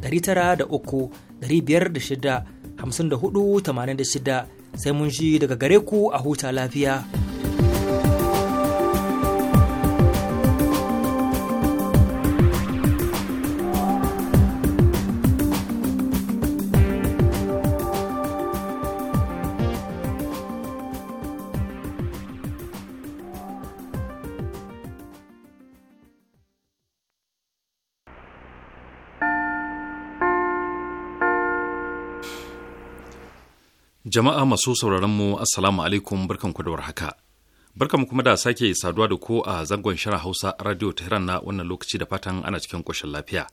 903 506 86 sai mun shi daga gare ku a huta lafiya. Jama'a masu sauraron mu Assalamu alaikum barkanku da warhaka. barkanmu kuma da sake saduwa da ko a zangon shirin Hausa Radio Tehran na wannan lokaci da fatan ana cikin koshin lafiya.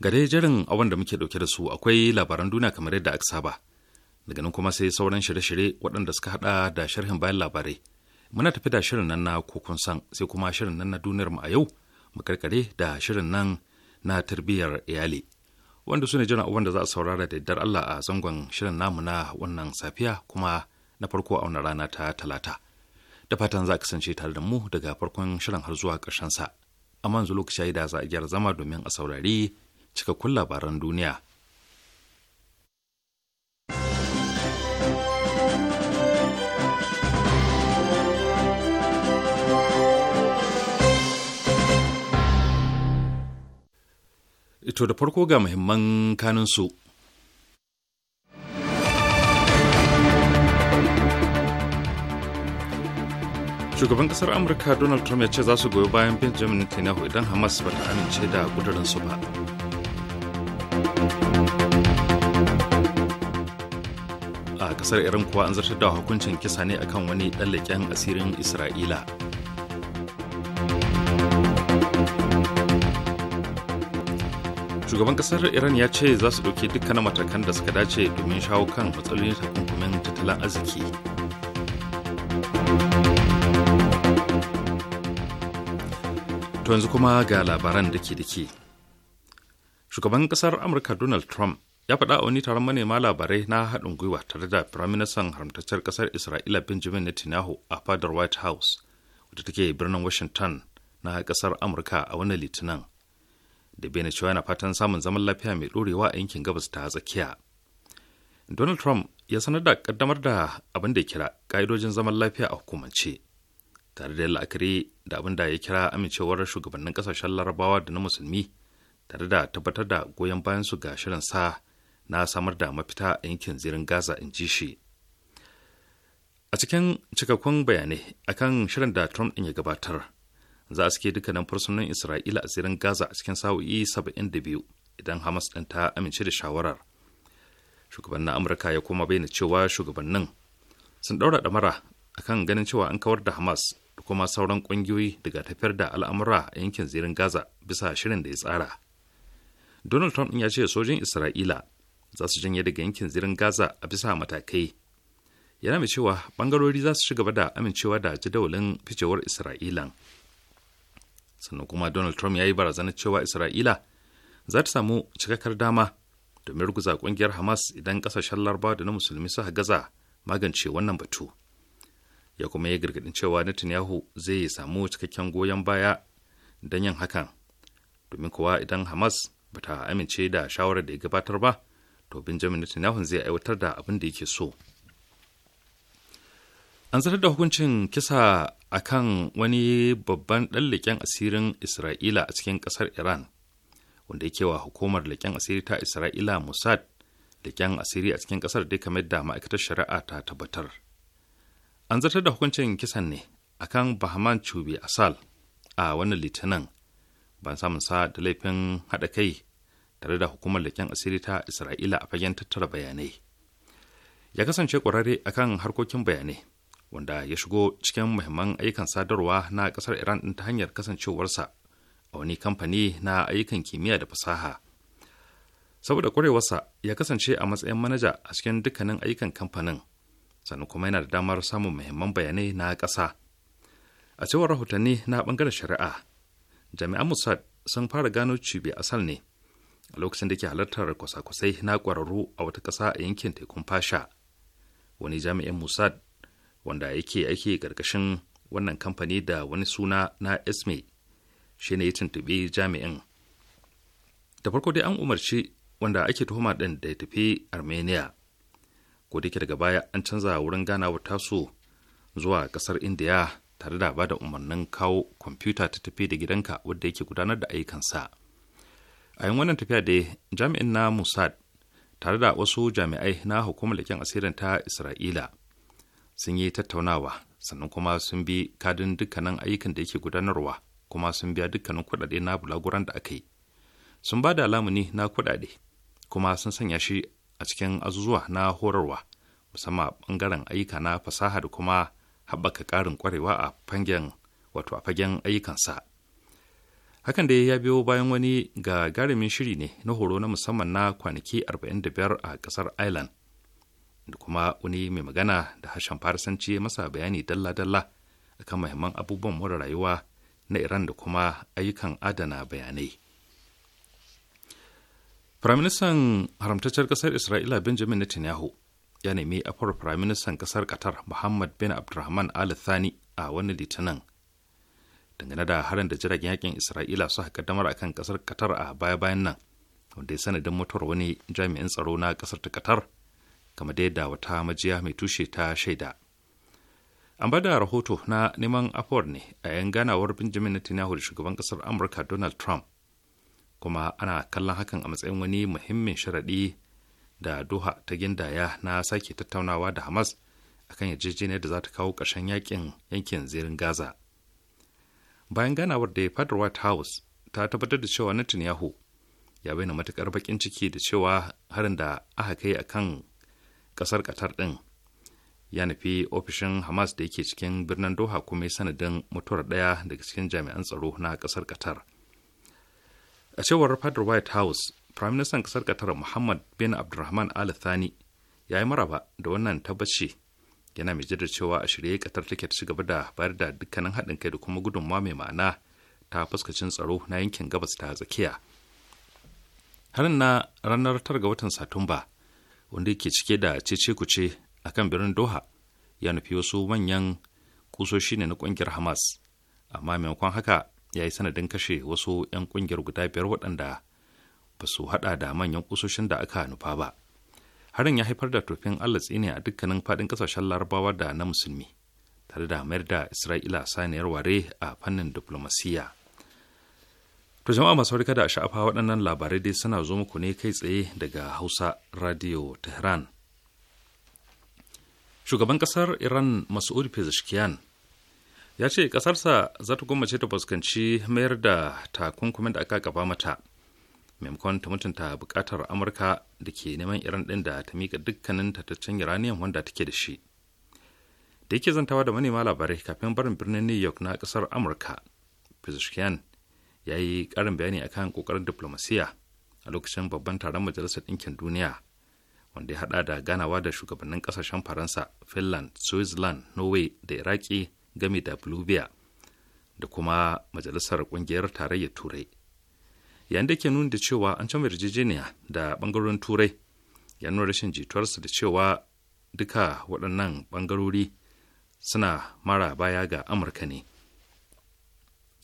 Ga dai jirin abin da muke dauke da su akwai labaran duniya kamar yadda aka saba. Daga nan kuma sai sauran shirye-shirye waɗanda suka hada da sharhin bayan labarai. Muna tafi da shirin nan na kun san sai kuma shirin nan na duniyar mu a yau mu karkare da shirin nan na tarbiyyar iyali. wanda su ne jiran abubuwan da za a saurara da Allah a zangon shirin namu na wannan safiya kuma na farko a wannan rana ta talata. Da fatan za a kasance tare da mu daga farkon shirin har zuwa ƙarshen sa. Amma yanzu lokaci da za a gyara zama domin a saurari cikakkun labaran duniya. Ito da farko ga muhimman kanunsu. Shugaban kasar Amurka Donald Trump ya ce za su goyi bayan Benjamin Netanyahu idan Hamas ba ta amince da su ba. A kasar Iran kuwa an zartar da hukuncin kisa ne akan wani ɗan asirin Isra'ila. shugaban kasar iran ya ce za su ɗauki dukkanin matakan da suka dace domin shawo kan matsalolin takunkumin tattalin arziki to yanzu kuma ga labaran da ke da ke shugaban kasar amurka donald trump ya faɗa a wani taron manema labarai na haɗin gwiwa tare da firaministan haramtaccen kasar isra'ila benjamin netanyahu a fadar white house wadda take birnin washington na kasar amurka a wani litinin da bene cewa yana fatan samun zaman lafiya mai ɗorewa a yankin gabas ta tsakiya donald trump ya sanar da kaddamar da abin da ya kira ƙa'idojin zaman lafiya a hukumance tare da la'akari da abin da ya kira amincewar shugabannin ƙasashen larabawa da na musulmi tare da tabbatar da goyon bayan su ga shirin sa na samar da mafita a yankin zirin gaza in ji shi a cikin cikakkun bayanai akan shirin da trump ɗin ya gabatar za a suke dukkanin fursunan isra'ila a zirin gaza a cikin sa'o'i 72 idan hamas ɗin ta amince da shawarar shugabannin amurka ya kuma bayyana cewa shugabannin sun ɗaura ɗamara akan ganin cewa an kawar da hamas da kuma sauran ƙungiyoyi daga tafiyar da al'amura a yankin zirin gaza bisa shirin da ya tsara donald trump ya ce sojin isra'ila za su janye daga yankin zirin gaza a bisa matakai yana mai cewa bangarori za su ci da amincewa da jadawalin ficewar isra'ilan sannan kuma donald trump ya yi barazanar cewa isra'ila za ta samu cikakkar dama domin ruguza kungiyar hamas idan kasashen larba da na musulmi suka gaza magance wannan batu ya kuma yi gargadin cewa netanyahu zai samu cikakken goyon baya don yin hakan domin kuwa idan hamas ba ta amince da shawarar da ya gabatar ba to benjamin netanyahu zai aiwatar da abin da yake so an zartar da hukuncin kisa a kan wani babban ɗan leƙen asirin Isra'ila a cikin ƙasar Iran, wanda yake wa hukumar leƙen asiri ta Isra'ila Mossad leƙen asiri a cikin ƙasar dai kamar da ma'aikatar shari'a ta tabbatar. An zartar da hukuncin kisan ne a kan Bahman Chubi Asal a wannan litinin ban samun sa da laifin haɗa kai tare da hukumar leƙen asiri ta Isra'ila a fagen tattara bayanai. Ya kasance ƙwararre akan harkokin bayanai wanda ya shigo cikin muhimman ayyukan sadarwa na kasar iran ɗin ta hanyar kasancewarsa a wani kamfani na ayyukan kimiyya da fasaha saboda kwarewarsa ya kasance a matsayin manaja a cikin dukkanin ayyukan kamfanin sannan kuma yana da damar samun muhimman bayanai na ƙasa a cewar rahotanni na ɓangaren shari'a jami'an mossad sun fara gano cibi asal ne a lokacin da ke halartar kwasa-kwasai na kwararru a wata ƙasa a yankin tekun fasha wani jami'in mossad wanda yake ake ƙarƙashin wannan kamfani da wani suna na esme shi ne ya tuntuɓi jami'in da farko dai an umarci wanda ake tuhuma ɗin da ya tafi armenia ko da daga baya an canza wurin ganawar tasu zuwa ƙasar indiya tare da bada umarnin kawo kwamfuta ta tafi da gidanka wadda yake gudanar da ayyukansa a yin wannan tafiya dai jami'in na musad tare da wasu jami'ai na hukumar leƙen asirin ta isra'ila sun yi tattaunawa sannan kuma sun bi kadin dukkanin ayyukan da yake gudanarwa kuma sun biya dukkanin kuɗaɗe na bulaguran da aka yi sun ba da alamuni na kuɗaɗe kuma sun sanya shi a cikin azuzuwa na horarwa musamman bangaren ayyuka na fasaha da kuma haɓaka ƙarin ƙwarewa a fangen wato a fagen ayyukansa hakan da ya biyo bayan wani ga gagarumin shiri ne na horo na musamman na kwanaki 45 a ƙasar ireland da kuma wani mai magana da harshen farisanci masa bayani dalla-dalla akan mahimman abubuwan mura rayuwa na Iran da kuma ayyukan adana bayanai. Firaministan haramtaccen ƙasar Isra'ila Benjamin Netanyahu ya nemi afar Firaministan ƙasar Qatar Muhammad bin Abdulrahman Al Thani a wani litinin dangane da harin da jiragen yakin Isra'ila haka damar akan ƙasar katar a baya-bayan nan wanda ya sanadin mutuwar wani jami'in tsaro na ƙasar ta Qatar kamar da wata majiya mai tushe ta shaida an bada rahoto na neman afuwar ne a 'yan ganawar benjamin netanyahu da shugaban kasar amurka donald trump kuma ana kallon hakan a matsayin wani muhimmin sharaɗi da doha ta gindaya na sake tattaunawa da hamas akan yarjejeniyar da za ta kawo ƙarshen yakin yankin zirin gaza bayan ganawar da fadar white house ta tabbatar da cewa netanyahu ya bayyana matukar baƙin ciki da cewa harin da aka kai akan kasar qatar din ya nufi ofishin hamas da yake cikin birnin doha kuma ya sanadin mutuwar ɗaya daga cikin jami'an tsaro na kasar qatar a cewar fadar white house prime minister kasar qatar muhammad bin abdulrahman al thani ya yi maraba da wannan tabbaci yana mai da cewa a shirye qatar take ta shiga da bayar da dukkanin haɗin kai da kuma gudunmawa mai ma'ana ta fuskacin tsaro na yankin gabas ta zakiya. harin na ranar tar ga watan satumba wanda ke cike da cece kuce a kan birnin doha ya nufi wasu manyan kusoshi ne na kungiyar hamas amma maimakon haka ya yi sanadin kashe wasu 'yan kungiyar guda biyar waɗanda ba su haɗa da manyan kusoshin da aka nufa ba harin ya haifar da tofin allah tsine a dukkanin faɗin ƙasashen larabawa da na musulmi tare da mayar da isra'ila saniyar ware a fannin diplomasiyya To jama'a masu kada da sha'afa waɗannan labarai dai suna zo muku ne kai tsaye daga Hausa Radio Tehran. Shugaban ƙasar Iran Masoud Pezeshkian ya ce ƙasarsa za ta gwammace ta fuskanci mayar da takunkumin da aka gaba mata maimakon ta mutunta buƙatar Amurka da ke neman Iran ɗin da ta miƙa dukkanin tattacen Iraniyan wanda take da shi. Da yake zantawa da manema labarai kafin barin birnin New York na ƙasar Amurka, Pezeshkian ya yi karin bayani akan ƙoƙarin diplomasiya a lokacin babban taron majalisar ɗinkin duniya wanda ya haɗa da ganawa da shugabannin ƙasashen faransa finland switzerland norway da iraki game da bolivia da kuma majalisar ƙungiyar tarayyar turai yayin da ke nuni da cewa an canza yarjejeniya da ɓangarorin turai ya nuna rashin jituwarsa da cewa duka waɗannan ɓangarori suna mara baya ga amurka ne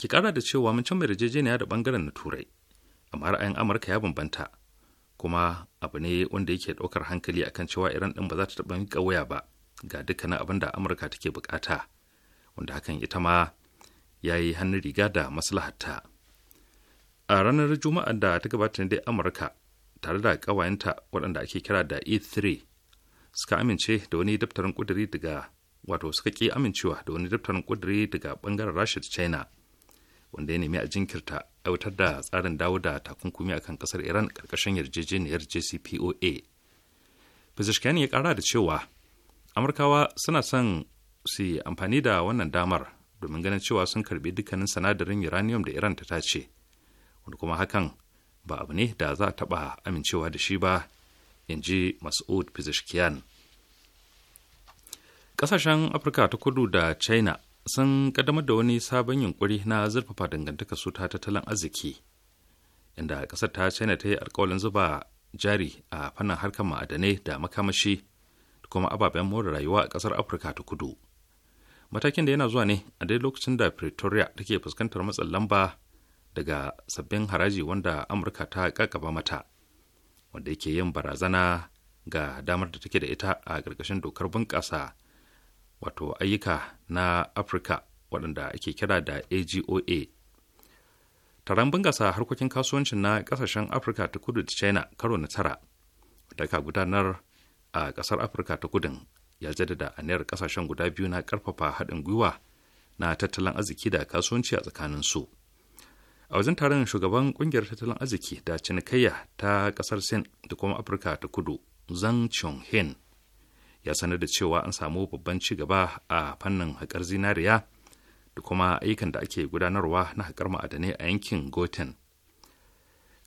ki kara da cewa mun cimma yarjejeniya da bangaren na turai amma ra'ayin amurka ya bambanta kuma abu ne wanda yake daukar hankali akan cewa iran din ba za ta taɓa miƙa waya ba ga dukkanin abin da amurka take bukata wanda hakan ita ma ya yi hannun riga da maslahatta a ranar juma'a da ta gabata dai amurka tare da kawayenta waɗanda ake kira da e3 suka amince da wani daftarin kuduri daga wato suka ƙi amincewa da wani daftarin kuduri daga bangaren rasha da china wanda ya nemi a jinkirta aiwatar da tsarin dawo da takunkumi akan kasar iran karkashin yarjejeniyar jcpoa fizishkiyan ya kara da cewa amurkawa suna son su yi amfani da wannan damar domin ganin cewa sun karbi dukkanin sanadarin uranium da iran ta tace wanda kuma hakan ba abu ne da za a taba amincewa da shi ba in ji mas'ud fizishkiyan kasashen afirka ta kudu da china sun kaddamar da wani sabon yunkuri na zurfafa dangantaka su ta tattalin arziki inda ƙasar ta china ta yi alkawalin zuba jari a fannin harkar ma'adanai da makamashi da kuma ababen more rayuwa a ƙasar afirka ta kudu matakin da yana zuwa ne a dai lokacin da pretoria take fuskantar matsin lamba daga sabbin haraji wanda amurka ta kakaba mata wanda yake yin barazana ga damar da take da ita a ƙarƙashin dokar bunƙasa wato ayyuka na afirka waɗanda ake kira da agoa taron bangasa harkokin kasuwancin na kasashen afirka ta kudu da china karo na tara da ka gudanar a ƙasar afirka ta kudin ya jaddada aniyar ƙasashen guda biyu na ƙarfafa haɗin gwiwa na tattalin arziki da kasuwanci a tsakanin su a wajen taron shugaban ƙungiyar tattalin arziki da cinikayya ta ƙasar sin da kuma afirka ta kudu zhang chong ya sanar da cewa an samu babban ci gaba a fannin haƙar zinariya da kuma ayyukan da ake gudanarwa na haƙar ma'adanai a yankin goten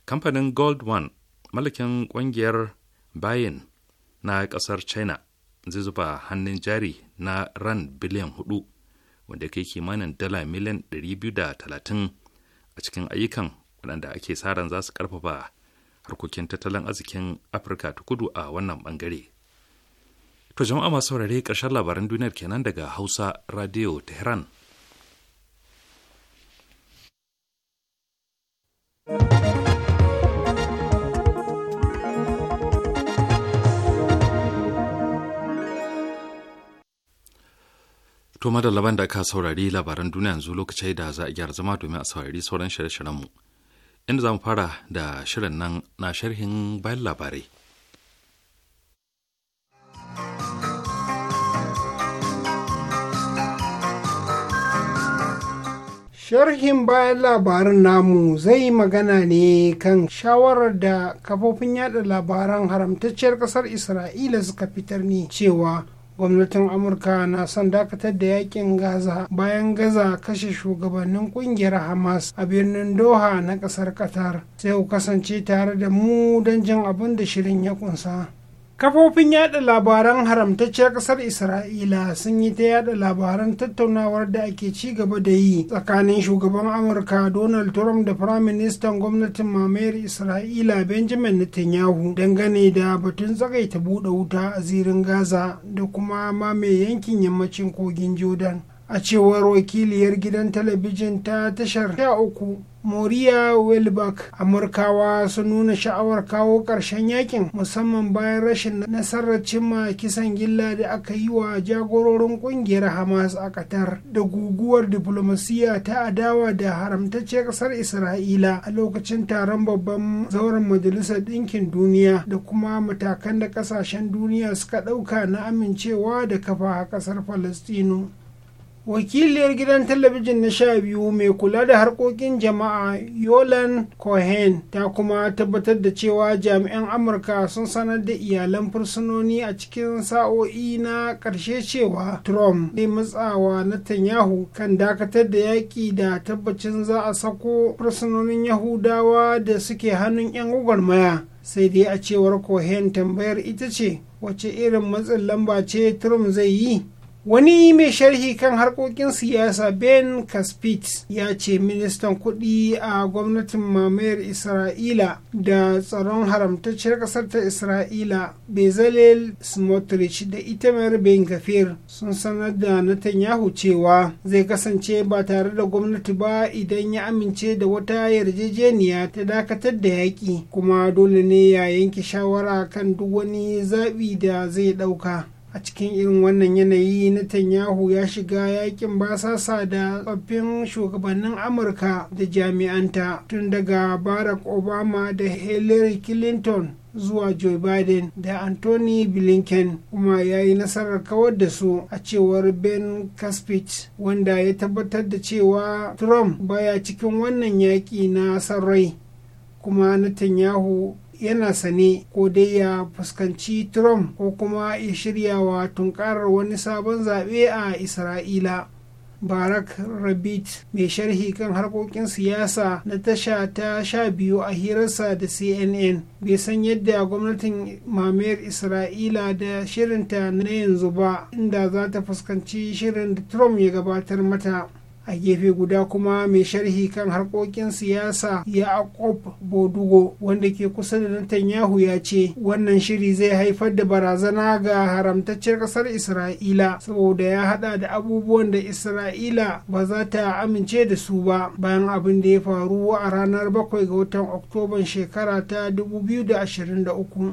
kamfanin gold one malakin ƙungiyar bayan na ƙasar china zai zuba hannun jari na ran biliyan hudu wanda kai kimanin dala miliyan 230 a cikin ayyukan waɗanda ake sa ran za su ƙarfafa harkokin tattalin arzikin afirka ta kudu a wannan ɓangare To jama'a masu saurare ƙarshen labaran duniyar kenan daga Hausa Radio Tehran. To laban da aka saurari labaran duniya yanzu lokacin da za a gyara zama domin a saurari sauran shirye-shiryenmu. Inda za mu fara da shirin nan na sharhin bayan labarai. Sharhin bayan labarin namu zai magana ne kan shawarar da kafofin yada labaran haramtacciyar kasar Isra'ila suka fitar ne cewa gwamnatin Amurka na son dakatar da yakin Gaza bayan gaza kashe shugabannin kungiyar Hamas a birnin Doha na kasar Qatar. Sai ku kasance tare da mu don jin abin da shirin ya kunsa. kafofin yada labaran haramtacciyar ƙasar isra'ila sun yi ta yada labaran tattaunawar da ake ci gaba da yi tsakanin shugaban amurka donald trump da firaministan gwamnatin mamayar isra'ila benjamin netanyahu dangane da batun tsagaita buɗe wuta a zirin gaza da kuma mamaye yankin yammacin kogin jordan a cewar wakiliyar gidan talabijin ta tashar uku moriya welbach amurkawa sun nuna sha'awar kawo ƙarshen yakin musamman bayan rashin nasarar cimma kisan gilla da aka yi wa jagororin ƙungiyar hamas a qatar da guguwar diplomasiya ta adawa da haramtacciyar ƙasar isra'ila a lokacin taron babban zauren majalisar ɗinkin duniya da kuma matakan da ƙasashen duniya suka ɗauka na amincewa da kafa a ƙasar falastinu wakiliyar gidan talabijin na sha biyu mai kula da harkokin jama'a yolan cohen ta kuma tabbatar da cewa jami'an amurka sun sanar da iyalan fursunoni a cikin sa'o'i na ƙarshe cewa trump zai matsawa 'Tanyahu' kan dakatar da yaƙi da tabbacin za a sako fursunonin yahudawa da suke hannun 'yan gwagwarmaya sai dai a cewar cohen tambayar ita ce wace irin matsin lamba ce trump zai yi wani mai sharhi kan harkokin siyasa ben kaspit ya ce ministan kuɗi a gwamnatin mamayar isra'ila da tsaron haramtacciyar ƙasar ta isra'ila bezalel smotrich da itamar ben gafir sun sanar da netanyahu cewa zai kasance ba tare da gwamnati ba idan ya amince da wata yarjejeniya ta dakatar da yaƙi kuma dole ne ya yanke shawara kan duk wani zaɓi da zai ɗauka a cikin irin wannan yanayi Netanyahu ya shiga yakin basasa da tsoffin shugabannin amurka da jami'anta tun daga barack obama da hillary clinton zuwa Joe Biden da Anthony Blinken kuma ya yi nasarar kawar da su a cewar Ben Caspit wanda ya tabbatar da cewa Trump baya cikin wannan yaƙi na sarrai kuma Netanyahu yana sane ko dai ya fuskanci trump ko kuma ya shirya wa tunkarar wani sabon zaɓe a isra'ila barak rabit mai sharhi kan harkokin siyasa na tasha ta sha biyu a hirarsa da cnn bai san yadda gwamnatin mamayar isra'ila da shirinta na yanzu ba inda za ta fuskanci shirin da trump ya gabatar mata a gefe guda kuma mai sharhi kan harkokin siyasa ya akop bodugo wanda ke kusa da netanyahu ya ce wannan shiri zai haifar da barazana ga haramtaccen kasar isra'ila saboda ya hada da abubuwan da isra'ila ba za ta amince da su ba bayan abin da ya faru a ranar bakwai ga watan oktoban shekara ta 2023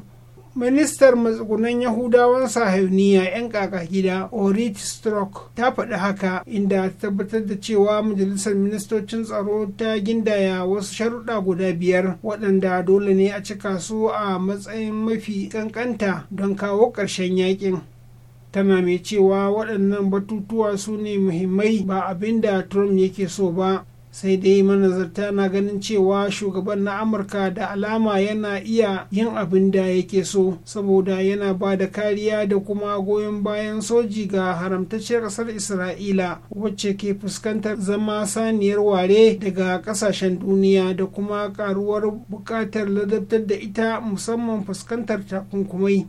ministar matsugunan yahudawan sahayuniya 'yan kaka gida orit Strok, ta faɗi haka inda ta tabbatar da cewa majalisar ministocin tsaro ta gindaya wasu sharuɗa guda biyar waɗanda dole ne a cika su a matsayin mafi ƙanƙanta don kawo ƙarshen yakin tana mai cewa waɗannan batutuwa su ne muhimmai ba abin da trump yake so ba sai dai manazarta na ganin cewa shugaban na amurka da alama yana iya yin abin da yake so saboda yana ba da kariya da kuma goyon bayan soji ga haramtacciyar ƙasar isra'ila wacce ke fuskantar zama saniyar ware daga ƙasashen duniya da kuma karuwar buƙatar ladabtar da ita musamman fuskantar takunkumai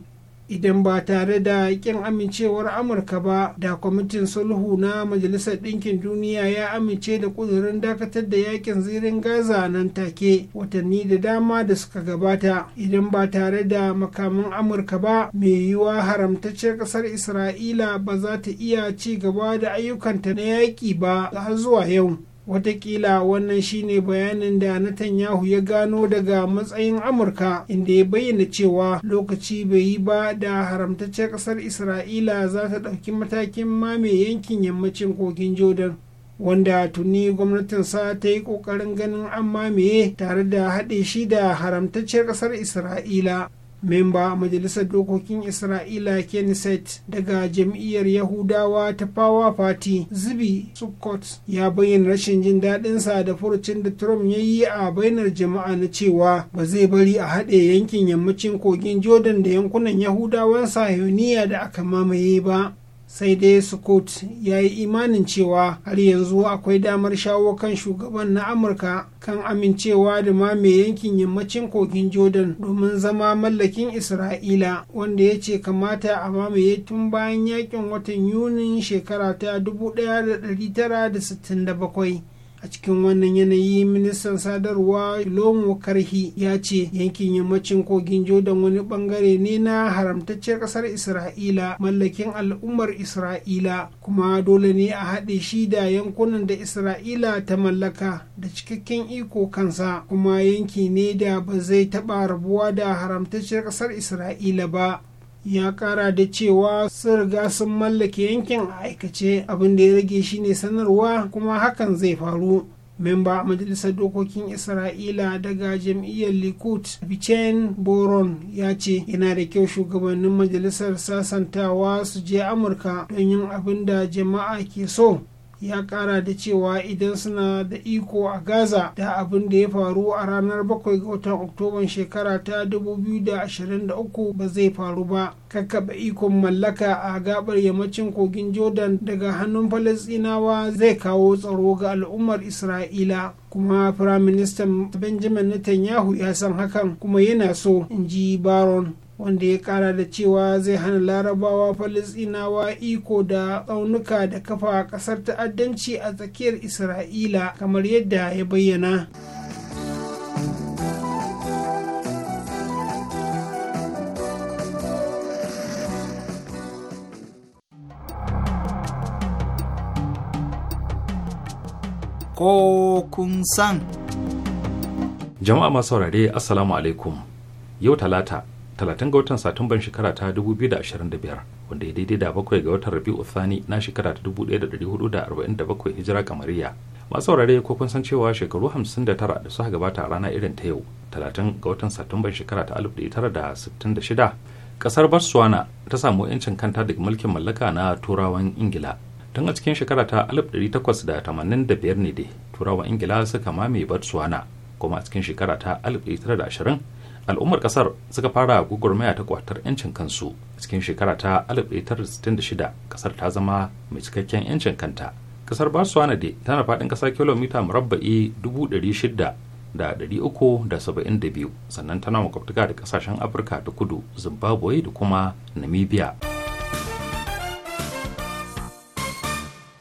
idan ba tare da kin amincewar amurka ba da kwamitin sulhu na majalisar ɗinkin duniya ya amince da kudurin dakatar da yakin zirin gaza nan take watanni da dama da suka gabata idan ba tare da makamin amurka ba mai yiwuwa haramtacciyar ƙasar isra'ila ba za ta iya ci gaba da ayyukanta na yaƙi ba har zuwa yau Wataƙila wannan shine bayanin da Netanyahu ya gano daga matsayin amurka inda ya bayyana cewa lokaci bai yi ba da haramtaccen ƙasar isra'ila za ta ɗauki matakin mame yankin yammacin kogin jordan wanda tuni gwamnatinsa ta yi ƙoƙarin ganin an mamaye tare da haɗe shi da haramtacciyar ƙasar isra'ila memba majalisar dokokin isra'ila kenneth daga jam'iyyar yahudawa ta power party zibi sukkot ya bayyana rashin jin daɗinsa da furucin da trump ya yi a bainar jama'a na cewa ba zai bari a haɗe yankin yammacin kogin jordan da yankunan yahudawan sahiyoniya da aka mamaye ba sai dai scott ya yi imanin cewa har yanzu akwai damar shawo kan shugaban na amurka kan amincewa da mame yankin yammacin kogin jordan domin zama mallakin isra'ila wanda ya ce kamata a mamaye tun bayan yakin watan yunin shekara ta 1967 a cikin wannan yanayi ministan sadarwa lomo karhi ya ce yankin yammacin kogin jordan wani bangare ne na haramtacciyar kasar isra'ila mallakin al'ummar isra'ila kuma dole ne a haɗe shi da yankunan da isra'ila ta mallaka da cikakken iko kansa kuma yanki ne da ba zai taɓa rabuwa da haramtacciyar kasar isra'ila ba ya kara da cewa sun riga sun mallake yankin a aikace abin da ya rage shine sanarwa kuma hakan zai faru memba majalisar dokokin isra'ila daga jam'iyyar likud bichen boron ya ce yana da kyau shugabannin majalisar sasantawa su je amurka don yin abin da jama'a ke so ya kara da cewa idan suna da iko a gaza da abin da ya faru a ranar 7 ga watan oktoban shekara ta 2023 ba zai faru ba kakkaɓe ikon mallaka a gabar yammacin kogin jordan daga hannun falasinawa zai kawo tsaro ga al'ummar isra'ila kuma firaministan benjamin netanyahu ya san hakan kuma yana so in ji baron wanda ya kara da cewa zai hana larabawa falisinawa iko da tsaunuka da kafa kasar ta'addanci a tsakiyar isra'ila kamar yadda ya bayyana Ko kun san jama'a masu saurare assalamu alaikum yau talata talatin ga watan satumban shekara ta 2025 wanda ya daidai da bakwai ga watan rabi'u thani na shekara ta 1447 hijira kamariya masu saurare ko kun san cewa shekaru 59 da suka gabata a rana irin ta yau talatin ga watan satumban shekara ta 1966 kasar botswana ta samu 'yancin kanta daga mulkin mallaka na turawan ingila tun a cikin shekara ta 1885 ne dai turawan ingila suka mame botswana kuma a cikin shekara ta 1920 al'ummar kasar suka fara gugurmaya ta kwatar 'yancin kansu cikin shekara ta 1966 kasar ta zama mai cikakken 'yancin kanta kasar barcelona de tana faɗin ƙasa kilomita murabba'i 600,372 sannan tana makwabtaka da ƙasashen afirka da kudu zimbabwe da kuma namibia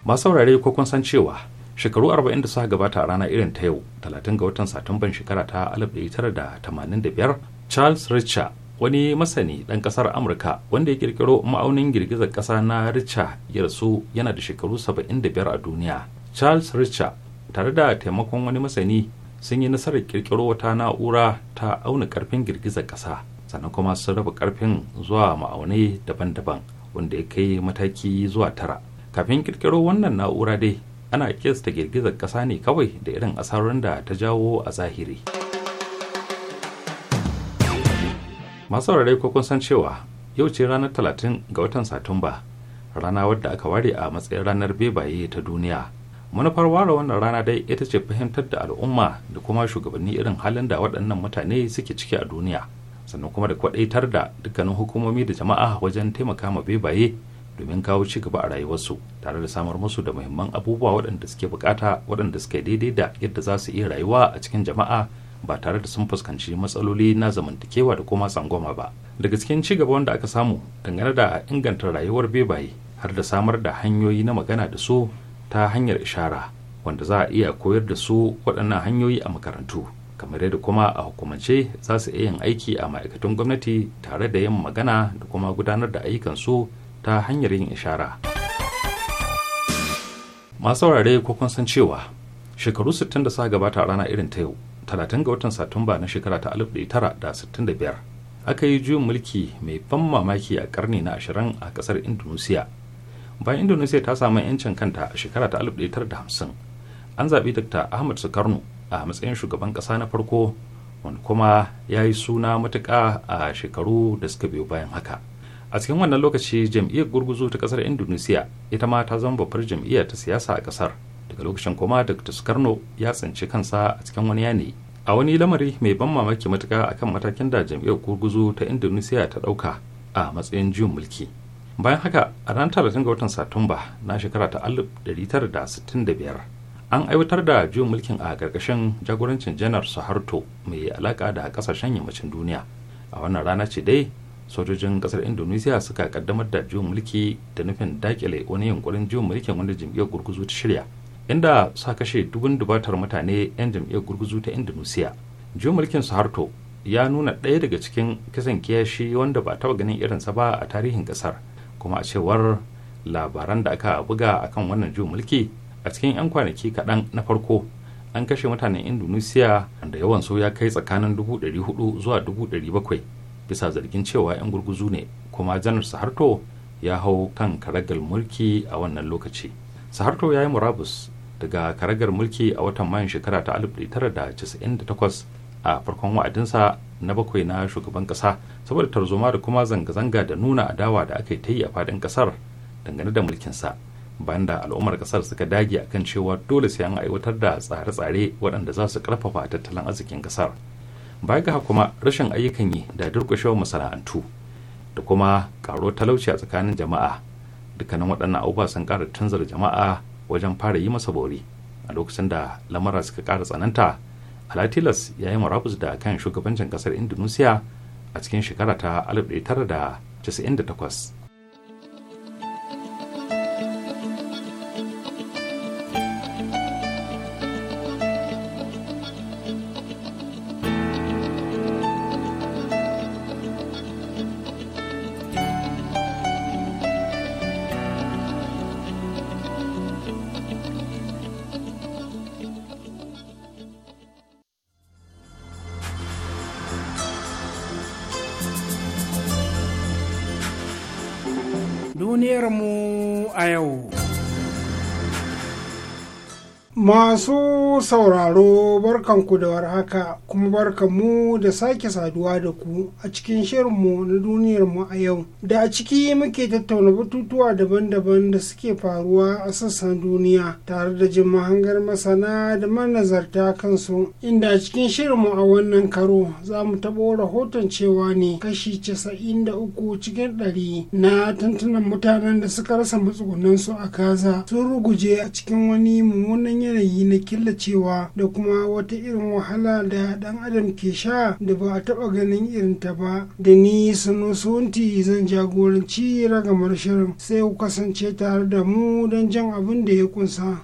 masu saurare ko kun san cewa shekaru 40 da suka gabata a rana irin ta yau 30 ga watan satumban shekara ta 1985 charles richa wani masani ɗan ƙasar amurka wanda ya kirkiro ma'aunin girgizar ƙasa na richa ya rasu yana da shekaru 75 a duniya charles richa tare da taimakon wani masani sun yi nasarar kirkiro wata na'ura ta auna karfin girgizar ƙasa sannan kuma sun raba karfin zuwa ma'aunai daban-daban wanda ya kai mataki zuwa tara kafin kirkiro wannan na'ura dai ana ta girgizar ƙasa ne kawai da irin asarorin da ta jawo a zahiri masu saurare ko kun san cewa yau ce ranar 30 ga watan satumba rana wadda aka ware a matsayin ranar bebaye ta duniya manufar ware wannan rana dai ita ce fahimtar da al'umma da kuma shugabanni irin halin da waɗannan mutane suke ciki a duniya sannan kuma da kwaɗaitar da dukkanin hukumomi da jama'a wajen taimaka ma bebaye domin kawo ci gaba a rayuwarsu tare da samar musu da muhimman abubuwa waɗanda suke bukata waɗanda suke daidai da yadda za su iya rayuwa a cikin jama'a ba tare da sun fuskanci matsaloli na zamantakewa da kuma tsangwama ba daga cikin ci gaba wanda aka samu dangane da inganta rayuwar bebaye har da samar da hanyoyi na magana da su ta hanyar ishara wanda za a iya koyar da su waɗannan hanyoyi a makarantu kamar yadda kuma a hukumance za su iya yin aiki a ma'aikatan gwamnati tare da yin magana da kuma gudanar da ayyukan su ta hanyar yin ishara masu saurare ko kun san cewa shekaru 60 da suka gabata a rana irin ta yau 30 ga watan satumba na shekara ta 1965 aka yi juyin mulki mai ban mamaki a karni na 20 a kasar indonesia bayan indonesia ta samu 'yancin kanta a shekara ta 1950 an zaɓi dr ahmad sukarno a matsayin shugaban ƙasa na farko wanda kuma ya yi suna matuƙa a shekaru da suka biyo bayan haka a cikin wannan lokaci jam'iyyar gurguzu ta kasar indonesiya ita ma ta zama babbar jam'iyyar ta siyasa a kasar daga lokacin kuma dr sukarno ya tsinci kansa a cikin wani yanayi a wani lamari mai ban mamaki matuka akan matakin da jam'iyyar gurguzu ta indonesiya ta dauka a matsayin juyin mulki bayan haka a ranar 30 ga watan satumba na shekara ta 1965 an aiwatar da juyin mulkin a ƙarƙashin jagorancin janar suharto mai alaƙa da kasashen yammacin duniya a wannan rana ce dai sojojin kasar Indonesia suka kaddamar da juyin mulki da nufin dakile wani yunkurin juyin mulkin wanda jam'iyyar gurguzu ta shirya inda sa kashe dubun dubatar mutane 'yan jam'iyyar gurguzu ta Indonesia. juyin mulkin suharto ya nuna ɗaya daga cikin kisan kiyashi wanda ba taɓa ganin irinsa ba a tarihin ƙasar kuma a cewar labaran da aka buga akan wannan juyin mulki a cikin 'yan kwanaki kaɗan na farko an kashe mutanen Indonesia da yawan su ya kai tsakanin 400 zuwa 700 bisa zargin cewa 'yan gurguzu ne kuma janar saharto ya hau kan karagar mulki a wannan lokaci saharto ya yi murabus daga karagar mulki a watan mayan shekara ta 1998 a farkon wa'adinsa na bakwai na shugaban kasa saboda tarzoma da kuma zanga-zanga da nuna adawa da aka yi ta yi a fadin kasar dangane da mulkinsa bayan da al'ummar kasar suka dage akan cewa dole sai an aiwatar da tsare-tsare waɗanda za su karfafa tattalin arzikin kasar baya ga kuma rashin ayyukan yi da durƙushewar masana'antu da kuma karo talauci a tsakanin jama'a dukkanin waɗannan abubuwa sun ƙara tunzar jama'a wajen fara yi masa bori a lokacin da lamara suka ƙara tsananta alatilas ya yi murabus da kan shugabancin ƙasar indonesia a cikin shekara ta 1998 masu sauraro barkanku da warhaka kuma mu da sake saduwa da ku a cikin shirinmu na duniyar mu a yau da a ciki muke tattauna batutuwa daban-daban da suke faruwa a sassan duniya tare da jin mahangar masana da manazarta kansu inda a cikin shirinmu a wannan karo za mu taɓo rahoton cewa ne kashi casa'in da uku cikin ɗari na tantunan mutanen da suka rasa matsugunansu a kaza. sun ruguje a cikin wani mummunan yanayi na killace cewa da kuma wata irin wahala da dan adam ke sha da ba a taba ganin irin ta ba da ni sanu sunti zan jagoranci ragamar shirin sai ku kasance tare da mu don jan abin da ya kunsa.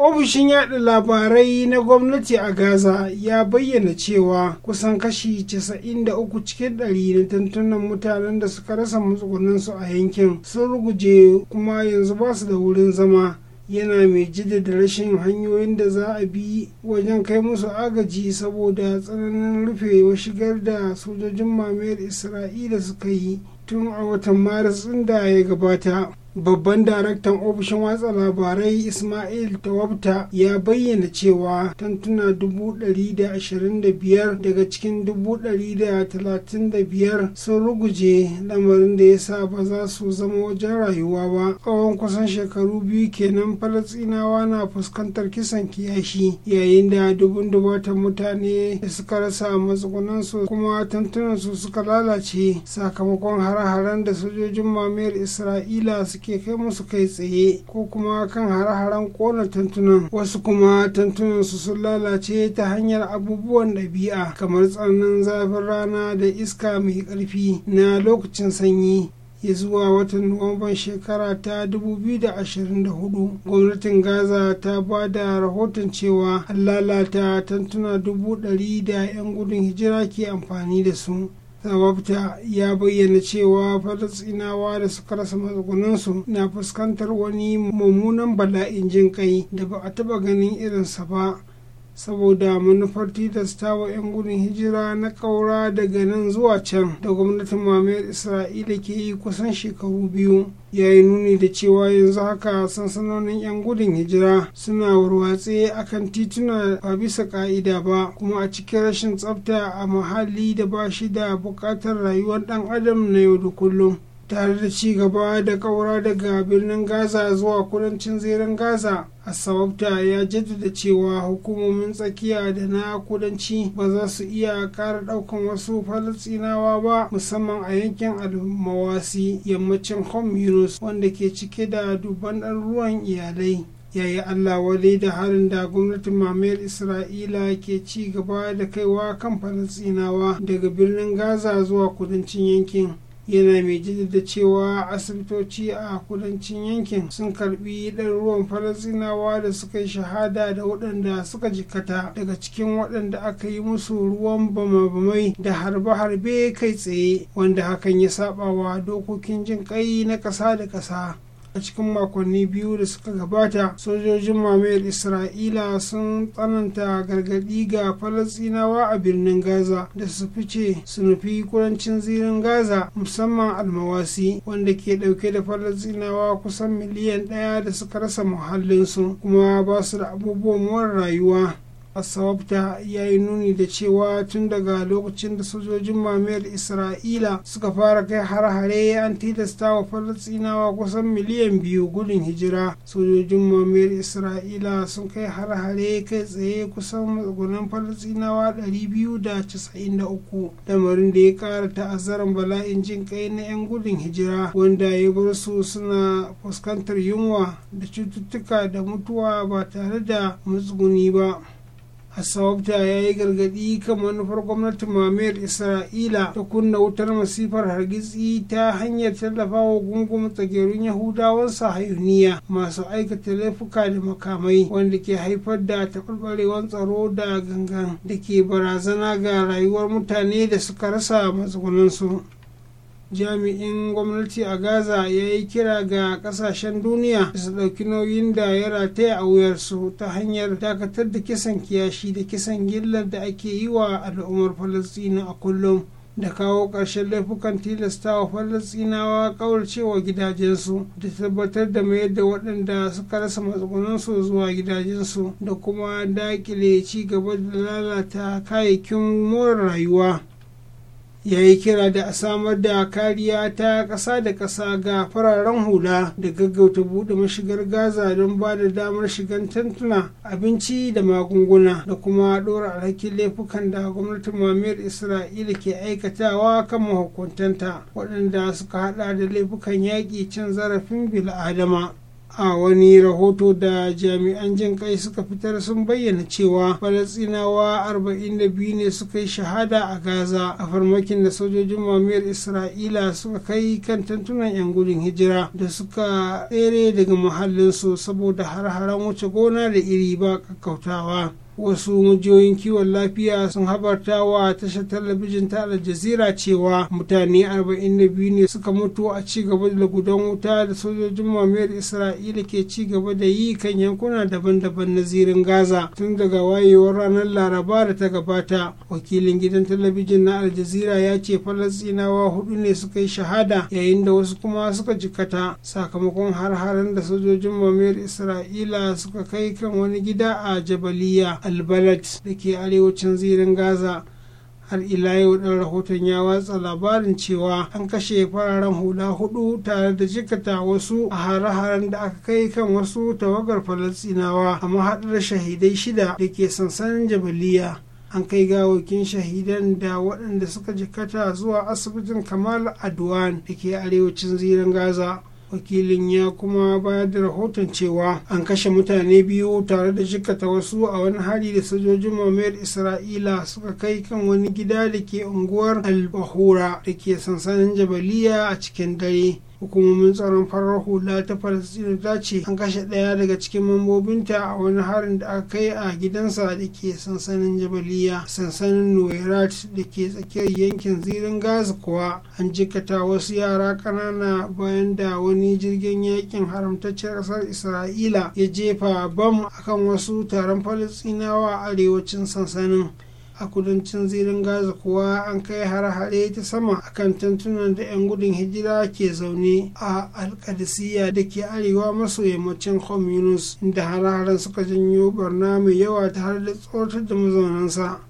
ofishin yaɗa labarai na gwamnati a gaza ya bayyana cewa kusan kashi 93 cikin ɗari na tantunan mutanen da suka rasa matsugunansu a yankin sun ruguje kuma yanzu ba su da wurin zama yana mai da rashin hanyoyin da za a bi wajen kai musu agaji saboda tsananin rufe shigar da sojojin mamayar isra'ila suka yi tun a watan maris ɗin da ya gabata babban daraktan ofishin watsa labarai ismail tawabta ya bayyana cewa tantuna 125 daga cikin 135 sun ruguje lamarin da ya sa ba za su zama wajen rayuwa ba tsawon kusan shekaru biyu kenan falasinawa na fuskantar kisan kiyashi yayin da dubun dubatan mutane da suka rasa matsugunan su, kuma tantunan su suka lalace sakamakon har haren da sojojin mamayar isra'ila suke suke kai musu kai tsaye ko kuma kan hare-haren kona tantunan wasu kuma tantunan su sun lalace ta hanyar abubuwan ɗabi'a kamar tsananin zafin rana da iska mai ƙarfi na lokacin sanyi ya zuwa watan nuwamban shekara ta 2024 gwamnatin gaza ta ba da rahoton cewa an lalata tantuna dubu ɗari da 'yan gudun hijira ke amfani da su Sababta, ya bayyana cewa Falasɗinawa da suka rasa matsugunansu na fuskantar wani mummunan bala'in jin kai da ba a taɓa ganin irinsa ba saboda manufar tilasta wa 'yan gudun hijira na ƙaura daga nan zuwa can da gwamnatin mamayar isra'ila ke yi kusan shekaru biyu ya yi nuni da cewa yanzu haka sansanonin 'yan gudun hijira suna warwatse akan tituna ba bisa ka'ida ba kuma a cikin rashin tsafta a muhalli da ba shi da buƙatar rayuwar ɗan adam na yau da kullum tare da ci gaba da ƙaura daga birnin gaza zuwa kudancin zirin gaza a sababta ya jaddada cewa hukumomin tsakiya da na kudanci ba za su iya kara ɗaukan wasu falastinawa ba musamman a yankin almawasi yammacin Yunus wanda ke cike da duban ɗaruruwan iyalai yayi Allah wale da harin da gwamnatin mamayar Isra'ila ke ci gaba da kaiwa kan Falasɗinawa daga birnin Gaza zuwa kudancin yankin yana mai jaddada cewa asibitoci a kudancin yankin sun karbi ruwan falasinawa da suka yi shahada da waɗanda suka jikata daga cikin waɗanda aka yi musu ruwan bama-bamai da harbe-harbe kai tsaye wanda hakan ya wa dokokin jin kai na ƙasa da ƙasa a cikin makonni biyu da suka gabata sojojin mamayar isra'ila sun tsananta gargaɗi ga falasinawa a birnin gaza da su fice su nufi kudancin zirin gaza musamman almawasi wanda ke ɗauke da falasinawa kusan miliyan ɗaya da suka rasa muhallinsu kuma ba su da abubuwan rayuwa asawabta ya yi nuni da cewa tun daga lokacin da sojojin mamayar isra'ila suka fara kai har-hare an tilasta wa falastinawa kusan miliyan biyu gudun hijira sojojin mamayar isra'ila sun kai har-hare kai tsaye kusan gudun falastinawa 293 lamarin da ya kara ta'azzaran bala'in jin kai na 'yan gudun hijira wanda ya bar su suna fuskantar yunwa da cututtuka da mutuwa ba tare da matsuguni ba Asawabta ya yi gargaɗi kan manufar gwamnatin mamayar isra'ila ta kunna wutar masifar hargitsi ta hanyar tallafa wa gungun tsagerun yahudawan sahayuniya masu aikata laifuka da makamai wanda ke haifar da taɓarɓarewar tsaro da gangan da ke barazana ga rayuwar mutane da suka rasa matsugunansu jami'in gwamnati a gaza ya yi kira ga kasashen duniya su ɗauki nauyin da ya rataya a wuyarsu ta hanyar dakatar da kisan kiyashi da kisan gillar da ake yi wa al'ummar falastina a kullum da kawo ƙarshen laifukan tilasta tilastawa falastinawa ƙauracewa gidajensu da tabbatar da mayar da waɗanda suka rasa matsugunansu zuwa gidajensu da kuma daƙile ci gaba da lalata kayayyakin more rayuwa ya yi kira da a samar da kariya ta ƙasa da ƙasa ga fararen hula da gaggauta buɗe mashigar gaza don ba da damar shigan tantuna abinci da magunguna da kuma ɗora alhakin laifukan da gwamnatin mamayar isra'ila ke aikatawa kan mahukuntanta waɗanda suka haɗa da laifukan yaƙi cin zarafin bil'adama a wani rahoto da jami'an jin kai suka fitar sun bayyana cewa falasinawa 42 ne suka yi shahada a gaza a farmakin da sojojin mamiyar isra'ila suka kai kan tantunan 'yan gudun hijira da suka tsere daga muhallinsu saboda har-haren wuce gona da iri ba kakkautawa wasu majiyoyin kiwon lafiya sun habarta wa tashar talabijin ta aljazira cewa mutane 42 ne suka mutu a ci gaba da gudan wuta da sojojin mamayar isra'ila ke ci gaba da yi kan yankuna daban-daban na zirin gaza tun daga wayewar ranar laraba da ta gabata wakilin gidan talabijin na aljazira ya ce falastinawa hudu ne suka yi shahada yayin da wasu kuma suka jikata sakamakon har-haren da sojojin mamayar isra'ila suka kai kan wani gida a jabaliya albalat da ke arewacin zirin gaza har ila yau ɗan rahoton ya watsa labarin cewa an kashe fararen hula hudu tare da jikata wasu a hare-haren da aka kai kan wasu tawagar falastinawa a mahaɗar shahidai shida da ke sansanin jabaliya an kai gawokin shahidan da waɗanda suka jikata zuwa asibitin kamal adwan da ke arewacin zirin gaza wakilin ya kuma bayar da rahoton cewa an kashe mutane biyu tare da jikata wasu a wani hari da sojojin mamayar isra'ila suka kai kan wani gida da ke unguwar al-bahura da ke sansanin jabaliya a cikin dare hukumomin tsaron farar hula ta palestina ta ce an kashe ɗaya daga cikin mambobinta a wani harin da aka kai a gidansa da ke sansanin jabaliya sansanin nuwairat da ke tsakiyar yankin zirin gaza kuwa an jikata wasu yara ƙanana bayan da wani jirgin yakin haramtaccen ƙasar isra'ila ya jefa bam akan wasu taron palestinawa a arewacin sansanin a kudancin zirin gaza kuwa an kai har-hare ta sama akan tantunan da 'yan gudun hijira ke zaune a alkadisiya da ke arewa maso yammacin Homunus, inda har-haren suka janyo barna mai yawa ta har da tsoratar da mazaunansa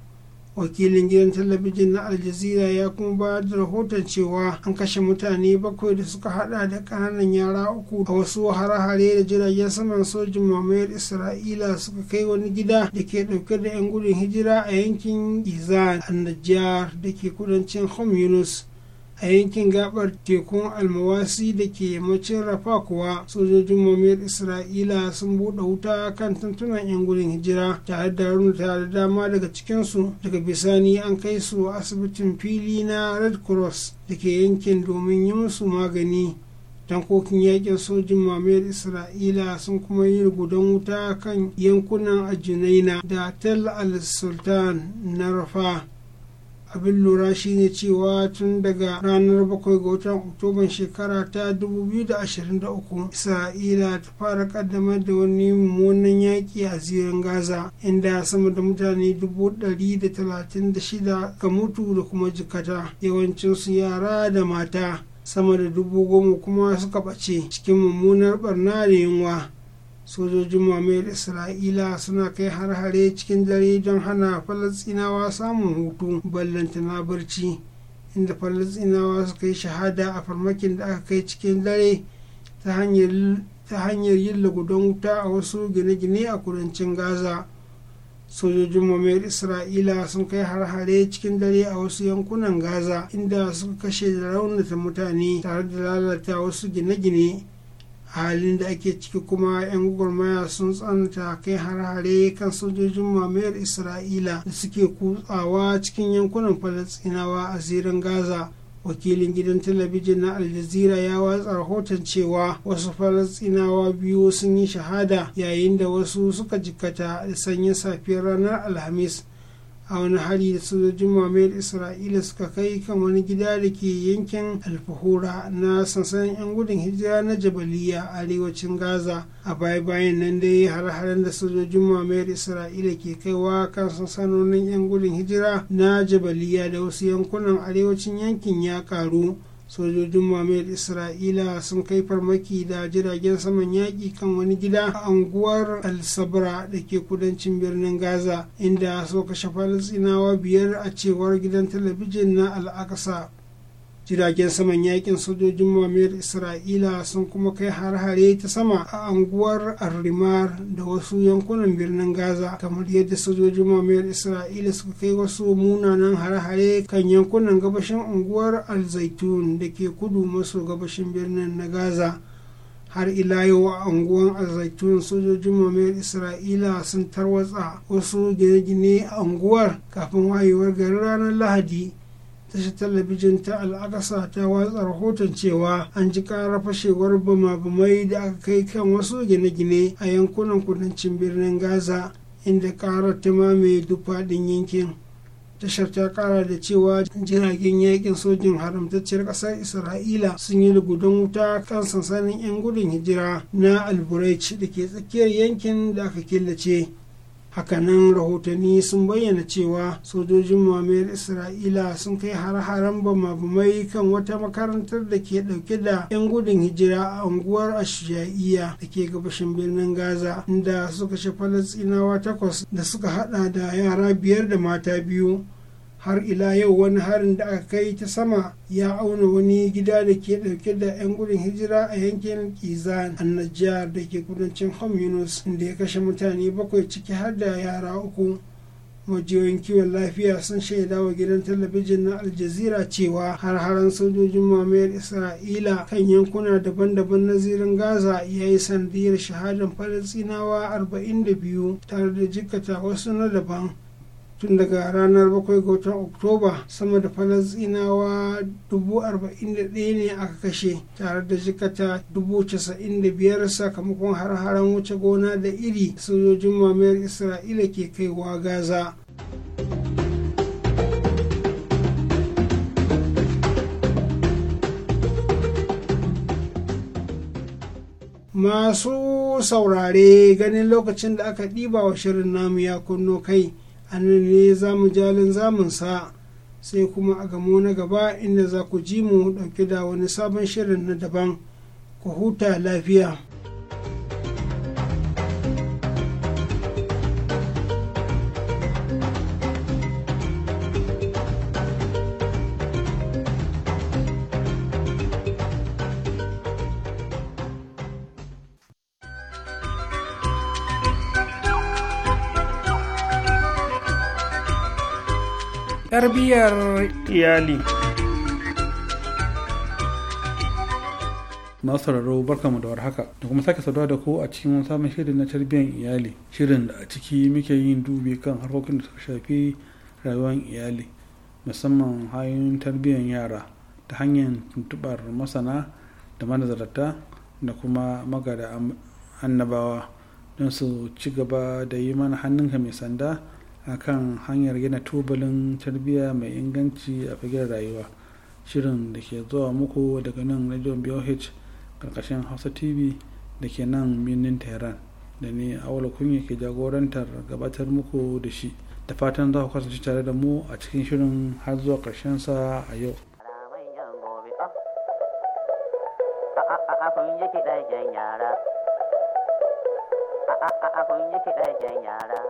wakilin gidan talabijin na aljazira ya kuma bayar da rahoton cewa an kashe mutane bakwai da suka hada da kananan yara uku a wasu hare-hare da jiragen saman sojin mamayar isra'ila suka kai wani gida da ke dauke da 'yan gudun hijira a yankin a annajjar da ke kudancin home yunus a yankin gabar tekun almawasi da ke yammacin rafa kuwa sojojin mamayar isra'ila sun buɗe wuta kan tantunan 'yan gudun hijira tare da ta da dama daga cikinsu daga bisani an kai su asibitin fili na red cross da ke yankin domin yi musu magani tankokin yakin sojin mamayar isra'ila sun kuma yi rugudan wuta kan yankunan ajunaina da tel al-sultan na rafa abin lura shine cewa tun daga ranar bakwai ga watan oktoban shekara ta 2023 isra'ila ta fara kaddamar da wani mummunan yaƙi a zirin gaza inda sama da mutane 136 ka mutu da kuma jikata yawancinsu yara da mata sama da dubu goma kuma suka ɓace cikin mummunar barna da yunwa sojojin mamayar isra'ila suna kai har-hare cikin dare don hana falastinawa samun hutu na barci inda falastinawa suka yi shahada a farmakin da aka kai cikin dare ta hanyar yin lagudon wuta a wasu gine-gine a kudancin gaza sojojin mamayar isra'ila sun kai har-hare cikin dare a wasu yankunan gaza inda suka kashe da raunata mutane tare da lalata wasu gine-gine halin da ake ciki kuma 'yan gwagwarmaya sun tsananta kai har-hare kan sojojin mamayar isra'ila da suke kutsawa cikin yankunan falastinawa a zirin gaza wakilin gidan talabijin na aljazira ya watsa rahoton cewa wasu falastinawa biyu sun yi shahada yayin da wasu suka jikkata da sanyin safiyar ranar alhamis a wani hari da sojojin mamayar isra'ila suka kai kan wani gida da ke yankin alfahura na sansanin 'yan gudun hijira na jabaliya arewacin gaza a baya bayan nan dai har-haren da sojojin mamayar isra'ila ke kaiwa kan sansanonin 'yan gudun hijira na jabaliya da wasu yankunan arewacin yankin ya karu sojojin mamayar isra'ila sun kai farmaki da jiragen saman yaƙi kan wani gida a anguwar al-sabra da ke kudancin birnin gaza inda suka kashe falasinawa biyar a cewar gidan talabijin na al al-aqsa jiragen saman yakin sojojin mamayar isra'ila sun kuma kai har-hare ta sama a anguwar arrimar da wasu yankunan birnin gaza kamar yadda sojojin mamayar isra'ila suka kai wasu munanan har-hare kan yankunan gabashin unguwar alzaitun da ke kudu maso gabashin birnin na gaza har ila yau a anguwan azaitun sojojin mamayar isra'ila sun tarwatsa wasu gine-gine a unguwar kafin wayewar garin ranar lahadi tashar talabijin ta al'akasa ta watsa rahoton cewa an ji kara fashewar bama-bamai da aka kai kan wasu gine-gine a yankunan kudancin birnin gaza inda ƙara ta mamaye duk faɗin yankin tashar ta kara da cewa jiragen yakin sojin haramtacciyar ƙasar isra'ila sun yi gudun wuta kan sansanin 'yan gudun hijira na alburaic da ke tsakiyar yankin da aka killace hakanan rahotanni sun bayyana cewa sojojin mamayar isra'ila sun kai har-haren bama-bamai kan wata makarantar da ke dauke da 'yan gudun hijira a unguwar ashiyaiya da ke gabashin birnin gaza inda suka shafa falastinawa takwas da suka hada da yara biyar da mata biyu har ila yau wani harin da aka kai ta sama ya auna wani gida da ke dauke da 'yan gudun hijira a yankin kizan annajjar da ke kudancin hom inda ya kashe mutane bakwai ciki har da yara uku majiyoyin kiwon lafiya sun shaida wa gidan talabijin na aljazira cewa har-haren sojojin mamayar isra'ila kan yankuna daban-daban na zirin gaza ya yi sandiyar shahadan falastinawa 42 tare da jikkata wasu na daban tun daga ranar 7 ga watan oktoba sama da falasinawa 41 ne aka kashe tare da jikata 95 sakamakon har-haren wuce gona da iri sojojin mamayar isra'ila ke kaiwa gaza masu saurare ganin lokacin da aka ɗiba wa shirin namu ya kunno kai a nan ne za mu jalin zamunsa sai kuma a gamo na gaba inda za ku ji mu dauke da wani sabon shirin na daban ku huta lafiya tarbiyyar iyali masu sauraro mu da warhaka da kuma sake saduwa da ku a cikin wani samun shirin na tarbiyyar iyali shirin da a ciki muke yin dubi kan harkokin da suka shafi rayuwar iyali musamman hanyoyin tarbiyyar yara ta hanyar tuntubar masana da manazarta da kuma magada annabawa don su ci gaba da yi mana hannunka mai sanda kan hanyar gina tubalin tarbiyya mai inganci a fagen rayuwa shirin da ke zuwa muku daga nan radio boh karkashin hausa tv da ke nan birnin tehran da ni awala kunya ke jagorantar gabatar muku da shi da fatan za ku kasance tare da mu a cikin shirin har zuwa karshen sa a yau yara